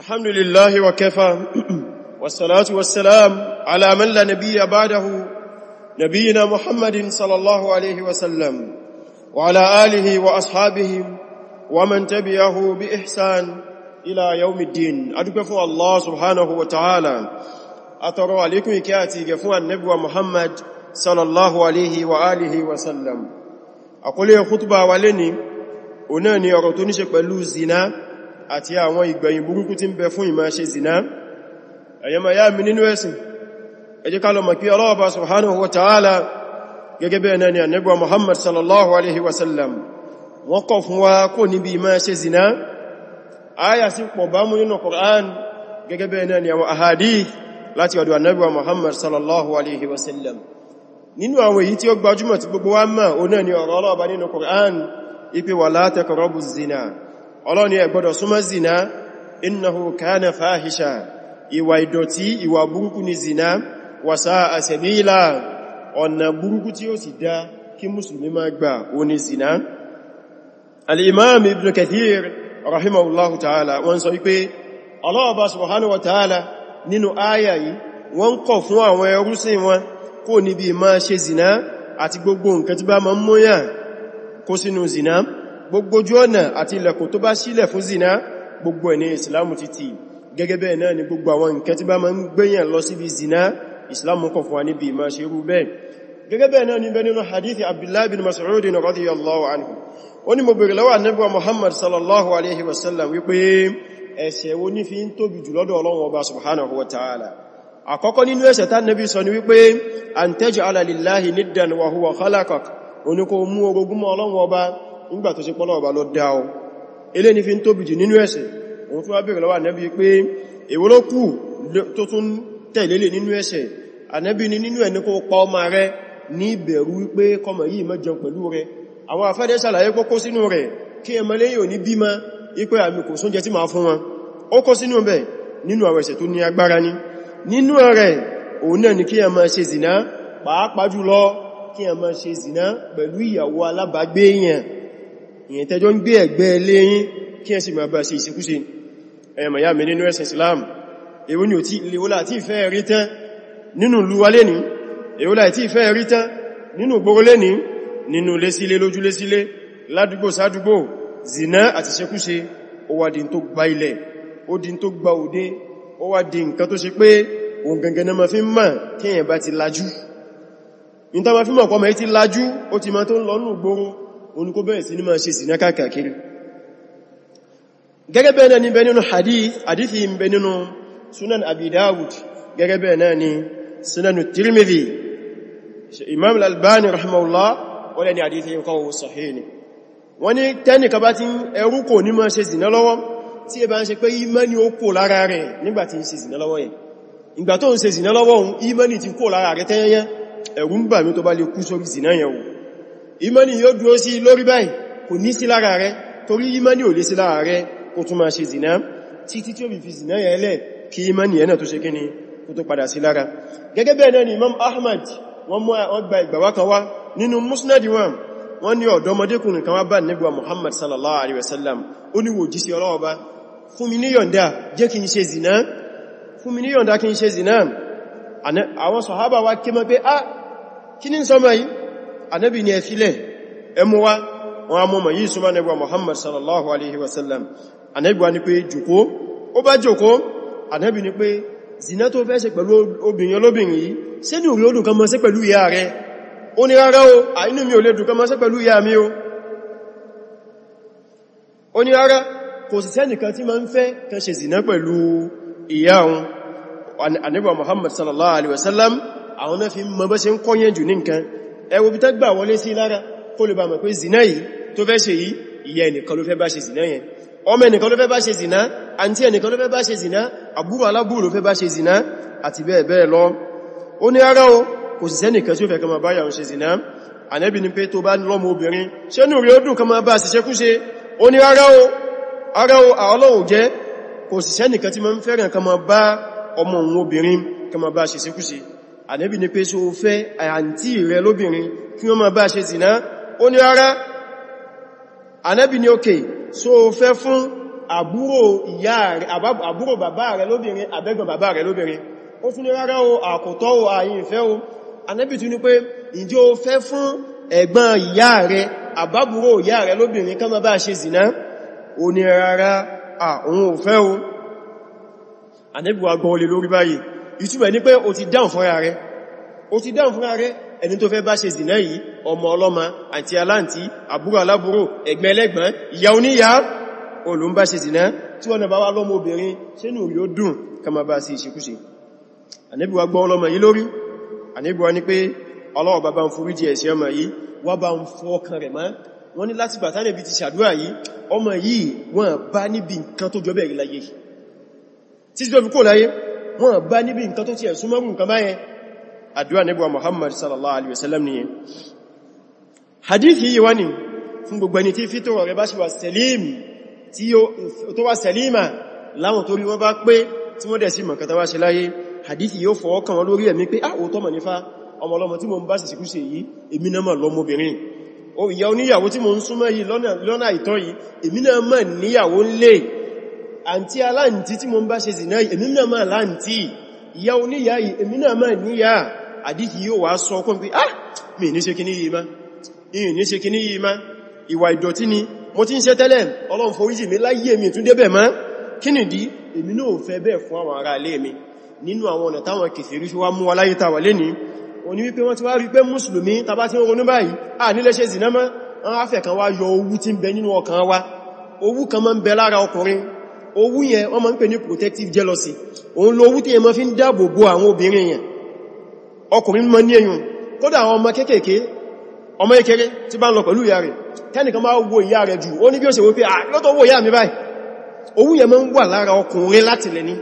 الحمد لله وكفى والصلاة والسلام على من لا نبي بعده نبينا محمد صلى الله عليه وسلم وعلى آله وأصحابه ومن تبعه بإحسان إلى يوم الدين أدقفوا الله سبحانه وتعالى أترى عليكم إكياتي قفوا النبوة محمد صلى الله عليه وآله وسلم أقول يا خطبة وليني أناني أرطنشك بلو الزنا àti àwọn ìgbẹ̀yìn burúkú tí ń bẹ fún ìmá ṣe zina ẹ̀yẹmà yá mi nínú ẹ̀sìn ẹ jẹ́ ká lọ mọ̀ kí ọlọ́ọ̀bá subhanahu wa ta'ala gẹ́gẹ́ bẹ́ẹ̀ náà ni annabuwa muhammad sallallahu alaihi wasallam wọ́n kọ̀ fún wa kó níbi ìmá ṣe zina aya sí pọ̀ bá mú nínú Qur'an gẹ́gẹ́ bẹ́ẹ̀ náà ni àwọn ahadi láti èyí tí ó gbajúmọ̀ tí gbogbo wa mọ̀ ó náà ni ọ̀rọ̀ ọlọ́ọ̀bá nínú Qur'an ipe wala taqrabu zina ọlọ́ni ẹ gbọ́dọ̀ súnmọ́ zina innahu kana fahisha ìwà ìdọ̀tí ìwà burúkú ni zina wàsá àsẹ̀mílà ọ̀nà burúkú tí ó sì dá kí musulmi má gbà ó ní zina al-imam ibn kathir rahimahullahu ta'ala wọ́n sọ wípé Allah subhanahu wa ta'ala nínú áyà yìí wọ́n kọ̀ fún àwọn ẹrúsìn wọn kó níbi máa ṣe zina àti gbogbo nǹkan tí bá máa ń múyàn kó sínú zina gbogbo ojú ọ̀nà àti ilẹ̀kùn tó bá sílẹ̀ fún zina gbogbo ẹ̀ ní ìsìlámù títí gẹ́gẹ́ bẹ́ẹ̀ náà ni gbogbo àwọn nǹkan tí bá máa ń gbéyàn lọ síbi zina ìsìlámù kọ̀ fún wa níbi ìmá ṣe rú bẹ́ẹ̀ gẹ́gẹ́ bẹ́ẹ̀ náà ni bẹ́ nínú hadithi abdullahi bin mas'ud radiyallahu anhu ó àkọ́kọ́ nínú ẹ̀ṣẹ̀ tá nẹ́bí sọ ni wípé an taj'ala lillahi huwa khalaqak oníkó mú orogún ọlọ́run ọba nígbà tó ṣe pọ́lọ̀ ọba lọ dá ọ ilé ní fi ń tóbi jù nínú ẹ̀sìn òun tó wá bèèrè lọ́wọ́ ànẹ́bí pé èwo ló kù tó tún tẹ̀lélè nínú ẹ̀sẹ̀ ànẹ́bí ni nínú ẹni kó pa ọmọ rẹ ní ìbẹ̀rù wípé kọmọ yìí má jẹun pẹ̀lú rẹ àwọn afẹ́dẹ́ sàlàyé kó kó sínú rẹ̀ kí ẹmọ lẹ́yìn òní bímọ ipé nínú àwọn ni kí ẹmọ ṣe zìná pàápàá jùlọ kí ẹmọ ṣe zìná pẹ̀lú ìyàwó alábàágbé èèyàn ìyẹn tẹjọ́ ń gbé ẹ̀gbẹ́ léyìn kí ẹ sì máa bá sí ìsìnkúsí ẹ̀mà ya mẹ́ nínú ẹ̀sìn Islam èwo ni ò tí ilé wọ́lá tí ìfẹ́ rí tán nínú luwalé ní èwo la tí ìfẹ́ rí tán nínú gbórólé ní nínú lésílé lójú lésílé ládúgbò sádúgbò zina àti ṣekúṣe ó wá di tó gba ilẹ̀ ó di tó gba òde ó wá di nǹkan tó ṣe pé òun gangan na ma fi mọ̀ kí èyàn bá ti lajú ní ta ma fi ti lajú ó ti ma tó ń lọ nù oníkó bẹ̀rẹ̀ sí ní máa ṣe sínà káàkiri gẹ́gẹ́ bẹ́ẹ̀ náà ni bẹ nínú hadith hadithi ń bẹ nínú sunan abi dawud gẹ́gẹ́ bẹ́ẹ̀ náà ni sunanu tirmidhi imam al-albani rahimahullah wọ́n lẹ́ni hadithi ń kọwọ́ ni wọ́n ni tẹ́nì ka bá ti ẹrú kò ní máa ṣe imani ó kò lára rẹ̀ nígbà tí ń ṣe sínà ìgbà tó ń ṣe sínà lọ́wọ́ imani ti kò lára rẹ̀ tẹ́yẹn ẹ̀rù tó bá lè kú sórí sínà ìmánì yóò dúró sí lórí báyìí kò ní sí lára rẹ torí ìmánì ò lè sí lára rẹ kò tún máa ṣe zìná títí tí ó bí fi zìná yẹ lẹ́ kí ìmánì yẹ tó ṣe kí ni kò tó padà sí lára gẹ́gẹ́ bẹ́ẹ̀ náà ni Imam Ahmad wọ́n mú ọgbà ìgbàwá kan wá nínú musnad wọn wọ́n ní ọ̀dọ́mọdékùnrin kan wá bá Muhammad sallallahu alaihi wasallam ó ní wò jí sí Ọlọ́run bá fún mi ní yọ̀ǹda jẹ́ kí n ṣe zìná fún mi ní yọ̀ǹda kí n mọ́ ah, kí ní sọmọ yìí anábì ni ẹ̀fílẹ̀ ẹmúwá wọn a mọ́mọ̀ yìí súnmọ́ Muhammad sallallahu alaihi wasallam anábì wa ni pé jòkó ó bá jòkó anábì ni pé zina tó fẹ́ ṣe pẹ̀lú obìnrin olóbìnrin yìí ṣé ní orí odùn kan mọ́ sí pẹ̀lú ìyá rẹ̀ ó ní rárá o àínú mi ò lè dùn kan mọ́ sí pẹ̀lú ìyá mi o ó ní rárá kò sì sẹ́nìkan tí ma ń kan ṣe zina pẹ̀lú ìyá òun anábì wa Muhammad sallallahu alaihi wasallam àwọn náà fi mọ́ bẹ́ ṣe ń kọ́yẹ̀ jù ní ẹwọ́ bí tán gbà wọlé sí lára kó lè bá mọ̀ pé zina yìí tó fẹ́ ṣe yìí ìyá ẹnìkan ló fẹ́ bá ṣe zina yẹn ọmọ ẹnìkan ló fẹ́ bá ṣe zina àǹtí ẹnìkan ló fẹ́ bá ṣe zina àbúrò alábúrò fẹ́ bá ṣe zina àti bẹ́ẹ̀ bẹ́ẹ̀ lọ ó ní o kò sì sẹ́nìkan tí ó fẹ́ kama bá yàrùn ṣe zina ànẹ́bì ni pé tó bá obìnrin ṣe nù kama bá ṣiṣẹ́ kú ṣe ó o ara o àọlọ́wò jẹ́ kò sì sẹ́nìkan kama bá ọmọ òun kama bá ṣiṣẹ́ kú ànẹ́bì ní pé ṣe o fẹ́ àyàntí rẹ̀ lóbìnrin kí wọ́n máa bá ṣe zìná ó ní ara ànẹ́bì ní òkè ṣe o fẹ́ fún àbúrò ìyá rẹ̀ àbúrò bàbá rẹ̀ lóbìnrin àbẹ́gbọ̀n bàbá rẹ̀ lóbìnrin ó tún ní rárá o àkótọ́ o àyìn ìfẹ́ o ànẹ́bì tún ní lórí báyìí ìtumọ̀ ní pé o ti dáhùn fúnra rẹ̀ o ti dáhùn fúnra rẹ̀ ẹni tó fẹ́ bá ṣe zìnà yìí ọmọ ọlọ́mọ àti aláǹtí àbúrò alábúrò ẹ̀gbẹ́ ẹlẹ́gbẹ́ ìyá oníyá olùm bá ṣe zìnà tí wọ́n bá wá lọ́mọ obìnrin sínú yóò dùn kama bá sí ìṣekúṣe àníbíwá gbọ́ ọlọ́mọ yìí lórí àníbíwá ní pé ọlọ́wọ̀ bàbá ń forí fi kó láyé wọ́n bá níbi nǹkan tó ti ẹ̀ súnmọ́ nǹkan báyẹn àdúrà níbi wa Muhammad sallallahu alaihi wasallam nìyẹn hadith yìí wá ní fún gbogbo ẹni tí fítọ̀rọ̀ rẹ̀ bá ṣe wà sẹ̀lìm tí ó wà sẹ̀lìmà láwọn tó rí wọ́n bá pé tí wọ́n dẹ̀ sí mọ̀kan tó wá ṣe láyé hadith yóò fọwọ́ kan wọn lórí ẹ̀mí pé ah, àǹtí aláǹtí tí mo ń bá ṣe zìnà èmi náà máa láǹtí ìyá oníyà yìí èmi náà máa níyà àdíkì yóò wá sọ ọkùn pé ah mi ní ṣe kíní yìí má ìyìn ní ṣe kíní yìí má ìwà ìdọ̀tí ni mo ti ń ṣe tẹ́lẹ̀ ọlọ́run foríjì mi láyé mi tún débẹ̀ má kí nìdí èmi náà fẹ́ bẹ́ẹ̀ fún àwọn ará ilé wa láyé tàwà lé ní oní wípé wọ́n ti wá rí pé mùsùlùmí tàbá tí wọ́n ronú báyìí à mọ́ wa owú kan máa ń bẹ lára ọkùnrin owú yẹn wọ́n máa ń pè ní protective jealousy òun ló owú tí yẹn máa fi ń dáàbò bo àwọn obìnrin yẹn ọkùnrin mọ́ ní ẹ̀yùn kódà àwọn ọmọ kéékèèké ọmọ ìkéré tí bá ń lọ pẹ̀lú ìyá rẹ̀ tẹ́nìkan máa wo ìyá rẹ̀ jù ó ní bí ó ṣe wípé àlọ́tọ̀ owó ìyá mi báyìí owú yẹn máa ń wà lára ọkùnrin láti lẹ̀ ní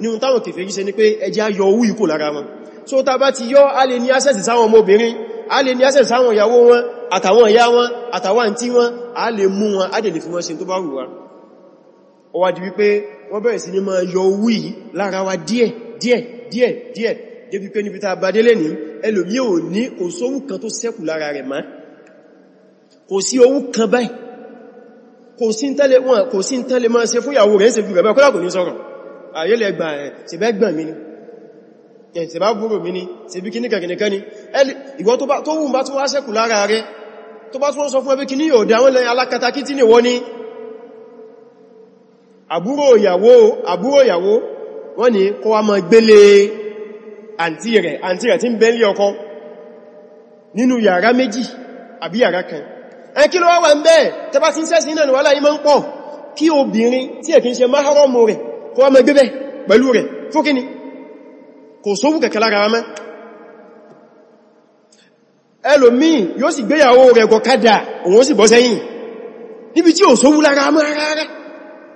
ní ohun táwọn kèfèrí ṣe ní pé ẹjẹ́ ayọ owú ikú lára wọn so ta bá ti yọ a lè ní access sáwọn ọmọbìnrin a lè ní access sáwọn ìyàwó wọn àtàwọn ìyá wọn àtàwọn àǹtí wọn a lè mú wọn a lè fi wọn ṣe tó bá wù wá ó wá di wípé wọ́n bẹ̀rẹ̀ sí ní máa yọ owó yìí lára wa díẹ̀ díẹ̀ díẹ̀ díẹ̀ débi pé níbi tá a bá délé ní ẹlòmí ò ní kò sówó kan tó ṣẹ́kù lára rẹ̀ mọ́ kò sí owó kan báyìí kò sí ń tẹ́lẹ̀ wọn kò sí ń tẹ́lẹ̀ máa ṣe fún ìyàwó rẹ̀ ṣe fi rẹ̀ kọ́lá kò ní sọ̀rọ̀ àyẹ́lẹ̀ gbà ẹ̀ ṣe bẹ́ gbọ̀n mi ni ẹ̀ ṣe bá búrò mi ni ṣe bí kíní kẹ̀kẹ̀kẹ́ ni ìwọ tó wù bá tún wá ṣẹ́kù lára rẹ̀ tó bá tún sọ fún ẹbí kíní yóò dá wọn lẹ́yìn alákatakítí ni wọ́n ni àbúrò ìyàwó àbúrò ìyàwó wọ́n ní kó wá máa gbélé àǹtí rẹ̀ àǹtí rẹ̀ tí ń bẹ́lé ọkọ nínú yàrá méjì àbí yàrá kan ẹn kí ló wá wà ń bẹ́ẹ̀ tẹbá sí sẹ́sì náà ni wà láyé máa ń pọ̀ kí obìnrin tí ẹ̀kí ń ṣe máhárọ́mù rẹ̀ kó wá máa gbébẹ̀ pẹ̀lú rẹ̀ fókíní kò sówù kẹ̀kẹ́ lára wa mẹ́ ẹlòmíì yóò sì gbéyàwó rẹ̀ gọ̀kadà òun sì bọ́ sẹ́yìn níbi tí ò sówù mọ́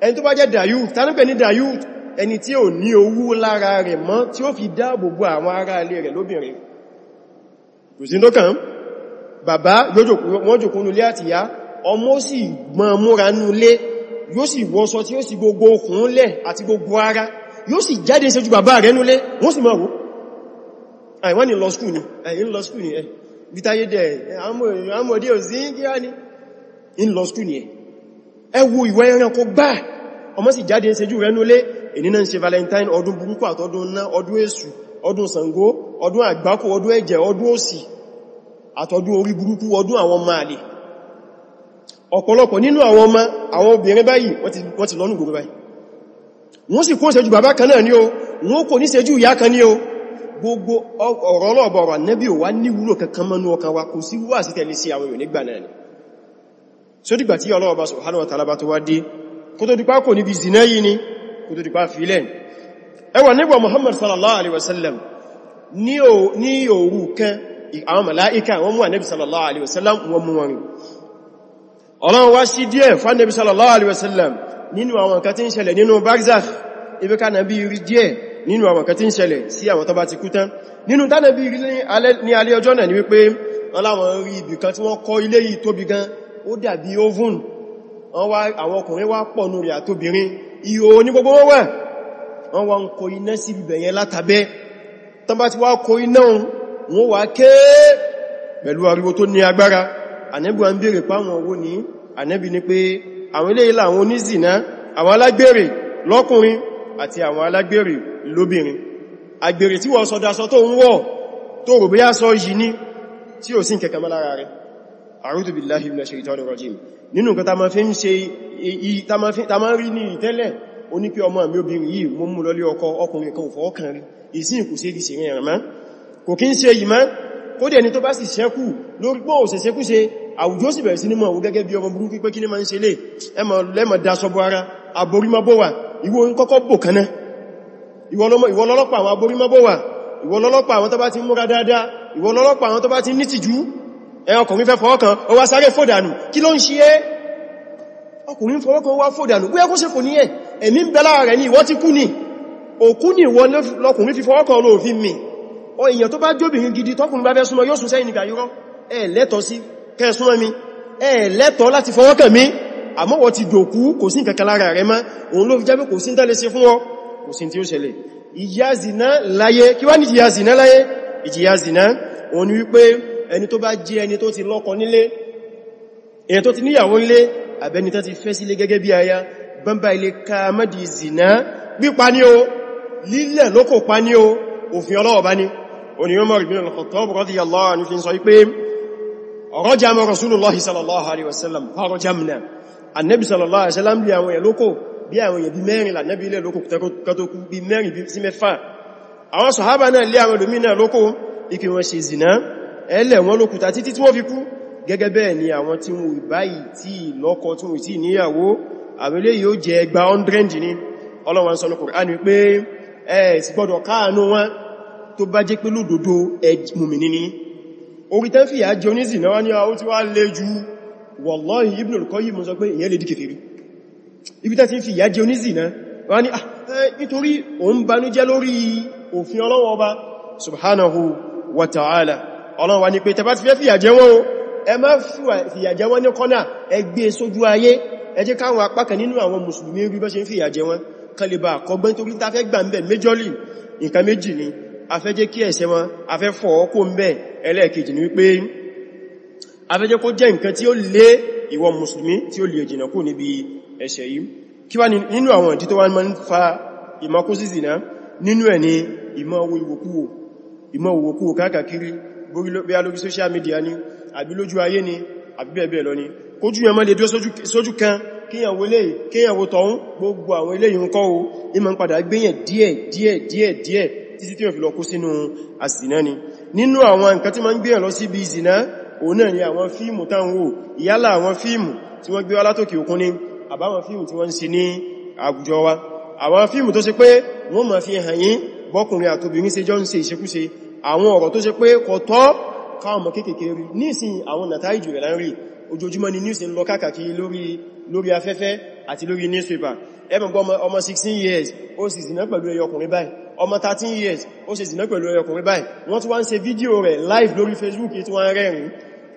ẹni tó bá jẹ́ dayú tánúpẹ̀ ní dayú ẹni tí ò ní owó lára rẹ̀ mọ́ tí ó fi dáàbòbò àwọn ará ilé rẹ̀ lóbìnrin kò sí lókàn bàbá wọ́n jòkún nulé àti ìyá ọmọ sì gbọ́n múra nulé yóò sì wọṣọ tí ó sì gbogbo okùn lẹ̀ àti gbogbo ara yóò sì jáde ṣẹ́jú bàbá rẹ̀ nulé wọ́n sì máa wò àìwọ́n ni lọ skúù ni gbáà ọmọ sì jáde ń ṣe jù rẹ́núlé ènìyàn ń ṣe valentine ọdún burúkú àtọdún ná ọdún èṣù ọdún Ṣàngó ọdún àgbákò ọdún ẹ̀jẹ̀ ọdún òṣì àtọdún orí burúkú ọdún àwọn ọmọ àlè ọ̀pọ̀lọpọ̀ nínú àwọn ọmọ àwọn obìnrin báyìí wọ́n ti lọ́nù gbogbo báyìí wọ́n sì kó ìṣẹ́jú bàbá kan náà ní o wọ́n kò o gbogbo ọ̀rọ̀ ọlọ́ọ̀bọ̀rọ̀ nẹ́bí ò wá níwúlò kankan mọ́nú ọkàn wa kò sí wà sí tẹ̀lé sí àwọn èèyàn nígbà náà ni ọlọ́ọ̀bá subhanahu wa tó wá dé kó tó dípá kò zina yìí ni kó tó dípá filẹ̀ ẹwà nígbà Muhammad sallallahu alaihi wasallam ní òru kan àwọn mala'ika wọ́n mú ànẹ́bì sallallahu alaihi wasallam wọ́n mú wọn ọlọ́run wá sí díẹ̀ fánẹ́bì sallallahu alaihi wasallam nínú àwọn nǹkan tí ń ṣẹlẹ̀ nínú barzakh ibi ká nàbí rí díẹ̀ nínú àwọn nǹkan tí ń ṣẹlẹ̀ sí àwọn ni wípé ọláwọn rí ibì kan tí wọ́n kọ́ ilé yìí tóbi àwọn ọkùnrin wá pọ̀ nù rẹ̀ àtóbìnrin ihò ní gbogbo wọ́n wà wọ́n wá ń kọ iná sí ibẹ̀ yẹn látàbẹ́ tán bá ti wá kọ iná wọ́n wá ké pẹ̀lú ariwo tó ní agbára ànẹ́bù ń bèèrè páwọn owó ní ànẹ́bì ní pé àwọn ilé ilá bí á sọ yìí ní tí billahi minash shaitanir rajim nínú nǹkan ta ma fi ń ṣe ta ma rí ní ìtẹ́lẹ̀ oní pé ọmọ mi obìnrin yìí mo mú lọlé ọkọ ọkùnrin kan òfò ọkàn rí ìsìn kò sí èdè sí ìrìn àmá kò kí ń ṣe yìí má kó dẹ̀ ni tó bá sì ṣẹ́kù lórí pọ́ òsè ṣẹ́kù ṣe àwùjọ sì bẹ̀rẹ̀ sí ní mọ̀ owó gẹ́gẹ́ bí ọmọ burúkú pé kí ní ma ń ṣe lè ẹmọ dasọbọ ara aborímọ́bọ̀wà ìwọ ń kọ́kọ́ bò àwọn tó bá ti múra dáadáa ìwọ àwọn tó bá ti nítìjú ẹ̀yàn ọkùnrin fẹ́ fọ́ọ̀kan ó wá sáré fòdànù kí ló ń ṣe é ọkùnrin fọ́ọ̀kan ó wá fòdànù bóyá kó ṣe fò ní ẹ̀ ẹ̀mí ń bẹ lára rẹ̀ ní ìwọ ti kú ní òkú ní ìwọ lọkùnrin fi fọ́ọ̀kan olóòfin mi ọ èèyàn tó bá jóbìnrin gidi tọkùnrin bá fẹ́ súnmọ́ yóò sún sẹ́yìn nígbà yúrọ́ ẹ lẹ́tọ̀ọ́ sí kẹ́ súnmọ́ mi ẹ lẹ́tọ̀ọ́ láti fọwọ́kàn mi àmọ́ wọ́n ti dòkú kò sí nǹkan kan lára rẹ̀ mọ́ òun ló fi jẹ́ pé kò sí ń tẹ́lẹ̀ sí fún ọ kò sí tí ó ṣẹlẹ̀ ìyá zìná láyé kí wá ní ìjìyà zìná láyé ìjìyà zìná òun ni wípé ẹni tó bá jẹ́ ẹni tó ti lọ́kọ nílé ẹni tó ti níyàwó nílé àbẹ́ni tó ti fẹ́ sílé gẹ́gẹ́ bí aya bọ́mbà ilé ká mọ́dì zìná pípa ní o lílẹ̀ lókò pa ní o òfin ọlọ́wọ̀ bá ní Umar ibn al-Khattab radiyallahu anhu fi sọ pé rajama Rasulullahi sallallahu alaihi wasallam farajamna annabi sallallahu alaihi wasallam bí àwọn yẹ̀lókò bí àwọn yẹ̀ ṣe zìná ẹlẹ̀ wọn lókùta títí tí wọ́n fi kú gẹ́gẹ́ bẹ́ẹ̀ ni àwọn tí wọ́n báyìí tí lọ́kọ tí wọ́n sì níyàwó àwẹ́lẹ́ yóò jẹ ẹgbà 100 ní Ọlọ́run sọ ní Kùránì pé ẹ sì gbọ́dọ̀ káànú wọn tó bá jẹ́ pé lódodo mùmìnì ní orí tán fìyà jẹ onísìnà wá ní àwọn tí wá lé ju wallahi Ibn al pé ìyẹn lè di ah, subhanahu wa ta'ala ọlọ́run wa ní pé tẹbá ti fẹ́ fìyà jẹ wọ́n ẹ má fìyà jẹ wọ́n ní kọ́nà ẹ e sójú ayé ẹ jẹ́ káwọn apákan nínú àwọn mùsùlùmí rí bọ́ ṣe ń fìyà jẹ wọ́n kọgbọ́n torí ta fẹ́ gbà ń bẹ̀ méjọ́lì nǹkan méjì ni a fẹ́ jẹ́ kí ẹ̀ṣẹ̀ wọn a fẹ́ fọ́ ọkó ń bẹ̀ ẹlẹ́ẹ̀kejì ni wípé a fẹ́ jẹ́ kó jẹ́ nǹkan tí ó lé ìwọ mùsùlùmí tí ó lè jìnà kú níbi ẹ̀ṣẹ̀ yìí kí wá nínú àwọn ìdí tó wá ń fa ìmọ̀kúsí zìnà nínú ẹ̀ ni ìmọ̀ owó káàkiri bí a lórí social media ni àbí lójú ayé ni àbí bẹ́ẹ̀ bẹ́ẹ̀ lọ ni kójú ẹmọ́ lè dúró sójú kan kíyàwó lè kíyàwó tọ̀hún gbogbo àwọn ilé yìí ń kọ́ o ìmọ̀ ń padà gbéyàn díẹ̀ díẹ̀ díẹ̀ díẹ̀ títí tí ó fi lọ kó sínú àsìná ni nínú àwọn nǹkan tí ma ń gbéyàn lọ sí ibi ìsìná òun náà ni àwọn fíìmù táwọn wò ìyálà àwọn fíìmù tí wọ́n gbé wá látòkè òkun ni àbáwọn fíìmù tí wọ́n ń ṣe ní àwùjọ wa àwọn fíìmù tó ṣe pé wọ́n ma fi hàn yín bọ́kùnrin àtòbìnrin ṣe jọ ń ṣe ìṣekúṣe àwọn ọ̀rọ̀ tó ṣe pé kò tọ́ káwọn mọ̀ kéèkéé rí nísìn àwọn nàtàíjù rẹ̀ láń rí ojoojúmọ́ ni news ń lọ káàkiri lórí lórí afẹ́fẹ́ àti lórí newspaper ẹgbẹ̀gbọ́ ọmọ 16 years ó sì zìnà pẹ̀lú ẹyọkùnrin báyìí ọmọ 13 years ó sì zìnà pẹ̀lú ẹyọkùnrin báyìí wọ́n tún wá ń ṣe fídíò rẹ̀ live lórí Facebook tí wọ́n rẹ̀rìn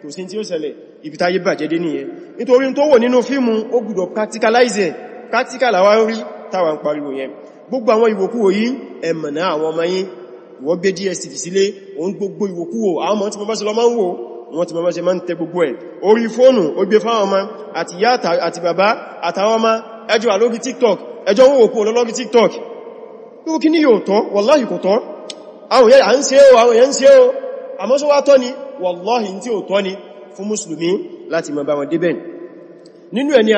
kò sí tí ó ṣẹlẹ̀ ibìtayé bàjẹ́ dé nìyẹn nítorí tó wò nínú fíìmù ó gbọ́dọ̀ practicalize practical àwárí táwà ń pariwo yẹn gbogbo àwọn ìwòkúwò yìí ẹ̀mọ̀ná àwọn ọmọ yìí wọ́n gbé dstv sílé òun gbogbo ìwòkúwò àwọn ọmọ tí bàbá sí lọ máa ń wò wọ́n ti bàbá sí máa ń tẹ gbogbo ẹ̀ orí fóònù ó gbé fáwọn ọmọ àti ìyá àti bàbá àtàwọn ọmọ ẹjọ́ àlógí tiktok ẹjọ́ wọ́n òkú olólógí tiktok yóò kí ní yóò tọ́ wàláhì kò tọ́ àwọn èèyàn à ń ṣe ó àwọn èèyàn ń ṣe ó àmọ́ só wá tọ́ ni ni fún mùsùlùmí láti mọ̀ bá wọn débẹ̀ nínú ẹni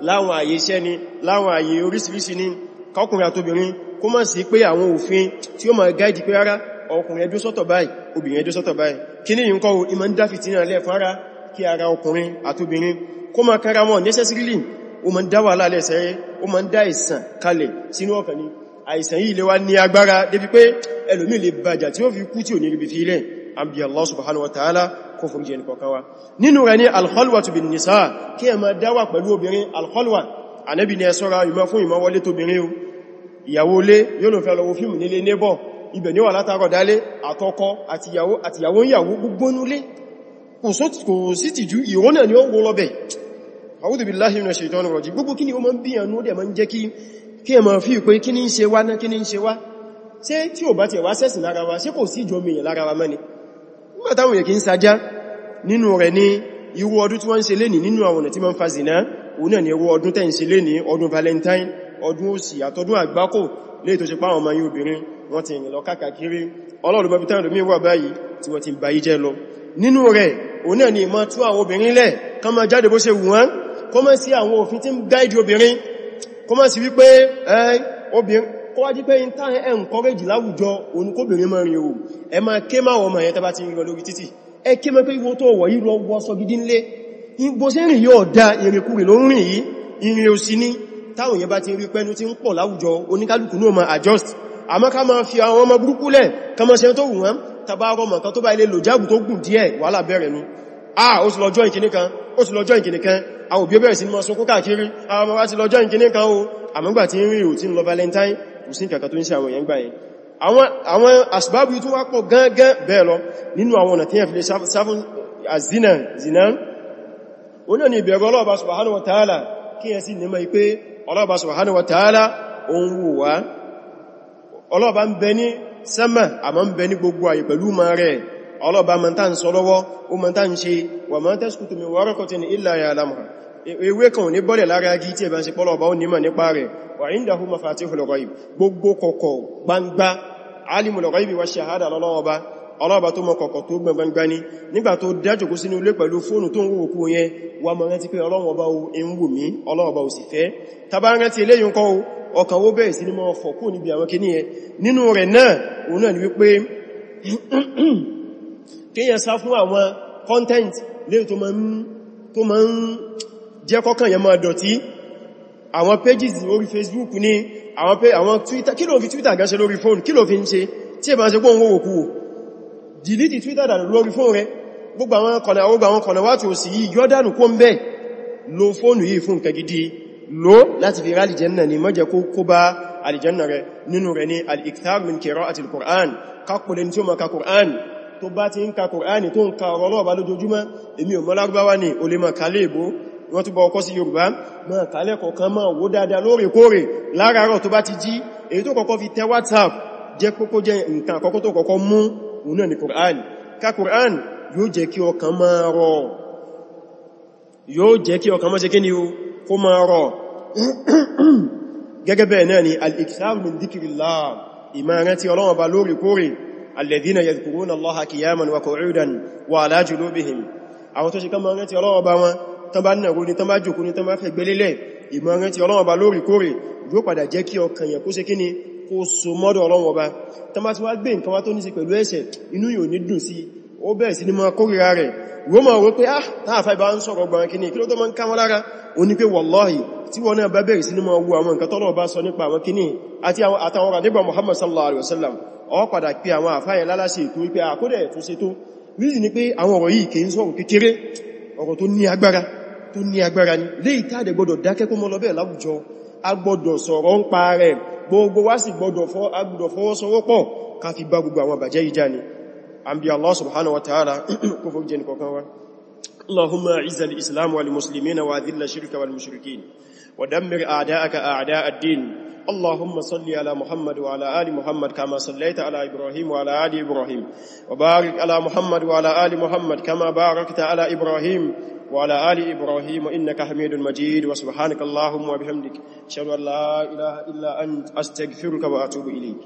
láwọn àyè ni láwọn àyè oríṣiríṣi ni kọkùnrin àtobìnrin kó mọ̀ sí pé àwọn òfin tí ó máa gáìdì pé rárá ọkùnrin ẹdó sọ́tọ̀ báyìí obìnrin ẹdó sọ́tọ̀ báyìí kí ní ìyínkọ́ ìmọ̀ ń dáfì tí náà lẹ́ kí ara ọkùnrin àtobìnrin kó máa kára wọn necessarily ni àìsàn yìí lè wá ní agbára débi pé ẹlòmí lè bàjà tí ó fi kú tí ò ní ríbi Allah subhanahu wa ta'ala kó fún jẹ́ nìkọ̀ọ́kan wa nisa kí ẹ máa dáwà pẹ̀lú anẹ́bì ní ẹ̀ṣọ́ra ìmọ̀ fún ìmọ̀ wọlé tóbìnrin o ìyàwó ilé yóò lò fẹ́ lọ fíìmù nílé nébọ̀ ibẹ̀ ní wà látàrọ̀ dálé àtọkọ àtìyàwó ìyàwó gbogbo ni ó wó lọ́bẹ̀ àwúdù bí láhí ìrìnà ṣètò ọ̀nà rọ̀jì gbogbo kíni ó máa ń bí ẹnu dẹ̀ máa ń jẹ́ kí ẹ máa fi pé kíni ń ṣe wá náà kíni ń ṣe wá ṣé tí ò bá ti ẹ̀wá sẹ́sìn lára wa ṣé kò sí ìjọ mìíràn lára wa mẹ́ni nígbàtàwọn èkì nínú rẹ̀ ní irú ọdún tí wọ́n ń ṣe lénìí nínú àwọn ọ̀nà tí ń fa zìnà òun náà ni ẹwọ́ ọdún tẹ́yìn sí lé ní ọdún valentine ọdún òsì àtọdún àgbákò lè tó ṣe pá àwọn ọmọ yìí obìnrin wọ́n ti rìn lọ káàkiri ọlọ́run bọ́bí tẹ́rìn lómi wà báyìí tí wọ́n ti báyìí jẹ́ lọ nínú rẹ̀ òun náà ni ìmọ̀ tú àwọn obìnrin lẹ̀ kán máa jáde bó ṣe wù wọ́n kó mọ́ sí àwọn òfin tí ń gáìdì obìnrin ẹ máa mọ́ pé ìwọ́n tó wọ̀ yí lọ wọ́ sọ gidi ńlé bó ṣe rìn yóò dá ìrìnkúrì ló ń rìn yìí ìrìn òsì ní táwọn yẹn bá ti rí pẹ́nu tí ń pọ̀ láwùjọ oníkálùkù náà ma adjust àmọ́ ká ma fi àwọn ọmọ burúkú lẹ̀ ká ma ṣe tó wù wọ́n tàbárọ mọ̀ ah ó sì lọ́jọ́ ìkíní kan ó sì lọ́jọ́ ìkíní kan àwọn òbí bẹ̀rẹ̀ sí ní mọ́ sunkún káàkiri àwọn ọmọ wá ti lọ́jọ́ valentine kò sí nǹkan tó ń ṣe àwọn èèyàn gbà yẹn àwọn asbábù tó wá pọ̀ gángan bẹ́ẹ̀ lọ nínú àwọn ọ̀nà tí yẹn fi lè sáfún azina zinan oní òní ìbẹ̀rọ ọlọ́ọ̀bá subhanahu wa ta'ala kí ẹ sí nímọ̀ ipé ọlọ́ọ̀bá subhanahu wa ta'ala ohun wò wá ọlọ́ọ̀bá ń bẹ ní sẹ́mà àmọ́ ń bẹ ní gbogbo àyè pẹ̀lú ma rẹ̀ ọlọ́ọ̀bá mọ́ tán sọ lọ́wọ́ ó mọ́ tán ṣe wa ma tasqutu min waraqatin illa ya'lamuha ewé kan ò ní bọ́lẹ̀ lára igi tí ẹ̀bá ń ọlọ́ọ̀bá tó mọ kọ̀kọ̀ tó gbẹ̀gbẹ̀gbẹ̀ ní nígbà tó dájòkó sínú ilé pẹ̀lú fóònù tó ń wò kú yẹn wà mọ̀ rántí pé ọlọ́run ọba o ń wù mí ọlọ́run ọba ò sì fẹ́ tàbá rántí eléyìn kọ́ ọkàn ó bẹ̀rẹ̀ sí àwọn content lè tó máa ń jẹ́ kọ́kàn yẹn máa dọ̀tí àwọn pages orí Facebook ní àwọn Twitter kí ló fi Twitter gáṣẹ́ lórí phone kí ló fi ń ṣe tí ẹ bá ṣe pọ́ òun wò delete twitter dànù lórí fóònù rẹ gbogbo àwọn kọ̀nà àwọn àwọn kọ̀nà wá tí ó sì yí yọ́ dànù kó ń bẹ́ lo fóònù yìí fún nǹkan gidi lo láti fi ráàlì jẹ́nà ni mọ́jẹ kó kó bá alìjẹ́nà rẹ nínú rẹ ni al-ikthar min qira'ati al-Qur'an kápùlẹ̀ tí ó ma ka Qur'an tó bá ti ń ka Qur'an tó ń ka ọ̀rọ̀ lọ́ọ̀bá lójoojúmọ́ èmi ò mọ̀ Lárúbáwá ni o lè ma ka léèbó wọ́n túbọ̀ ọkọ́ sí Yorùbá ma kálẹ̀ kọ̀ọ̀kan ma wó dáadáa lóòrèkóòrè láràárọ̀ tó bá ti jí èyí tó kọ́kọ́ fi tẹ WhatsApp jẹ́ kókó jẹ́ nǹkan àkọ́kọ́ tó kọ́kọ́ mú òun náà ni Qur'an ká Qur'an yóò jẹ́ kí ọkàn máa rọ̀ yóò jẹ́ kí ọkàn máa ṣe kí ni ó kó máa rọ̀ gẹ́gẹ́ bẹ́ẹ̀ náà ni al-iksar min dhikrillah ìmáran tí Ọlọ́run bá lórí kórè alladhina yadhkuruna Allaha qiyaman wa wa ala junubihim àwọn tó kó so mọ́dọ̀ ọlọ́wọ́ bá tó bá ti wá gbé nǹkan wá tó ní sí pẹ̀lú ẹ̀ṣẹ̀ inú yóò ní dùn sí ó bẹ̀rẹ̀ sí ní mọ́ kórìíra rẹ̀ wọ́n mọ̀ wọ́n pé ah táàfà ìbá ń sọ̀rọ̀ gbọ́n kìíní kí tó mọ́ Muhammad sallallahu alaihi wasallam ó padà pé àwọn ah, àfáyẹ lálásì ètò wípé àkódẹ̀ tó ṣe tó rízi ni pé àwọn ni léyìí táàdẹ̀ gbọdọ̀ dákẹ́kọ́ mọ́ lọ bẹ́ẹ̀ láwùjọ a gbọdọ̀ sọ̀rọ̀ ń pa rẹ̀ gbogbo wa sì gbọdọ̀ fọwọ́sowọ́pọ̀ ká fi bá gbogbo àwọn àbàjẹ́ ìjà ni àbí Allah subhanahu wa ta'ala kó fún jẹ́ kọ̀kan wa اللهم wa الإسلام والمسلمين وأذل الشرك والمشركين ودمر أعداءك أعداء الدين اللهم صل على محمد وعلى آل محمد كما صليت على إبراهيم وعلى آل إبراهيم وبارك على محمد وعلى آل محمد كما باركت على إبراهيم وعلى آل إبراهيم إنك حميد مجيد وسبحانك اللهم وبحمدك أشهد أن لا إله إلا أنت أستغفرك وأتوب إليك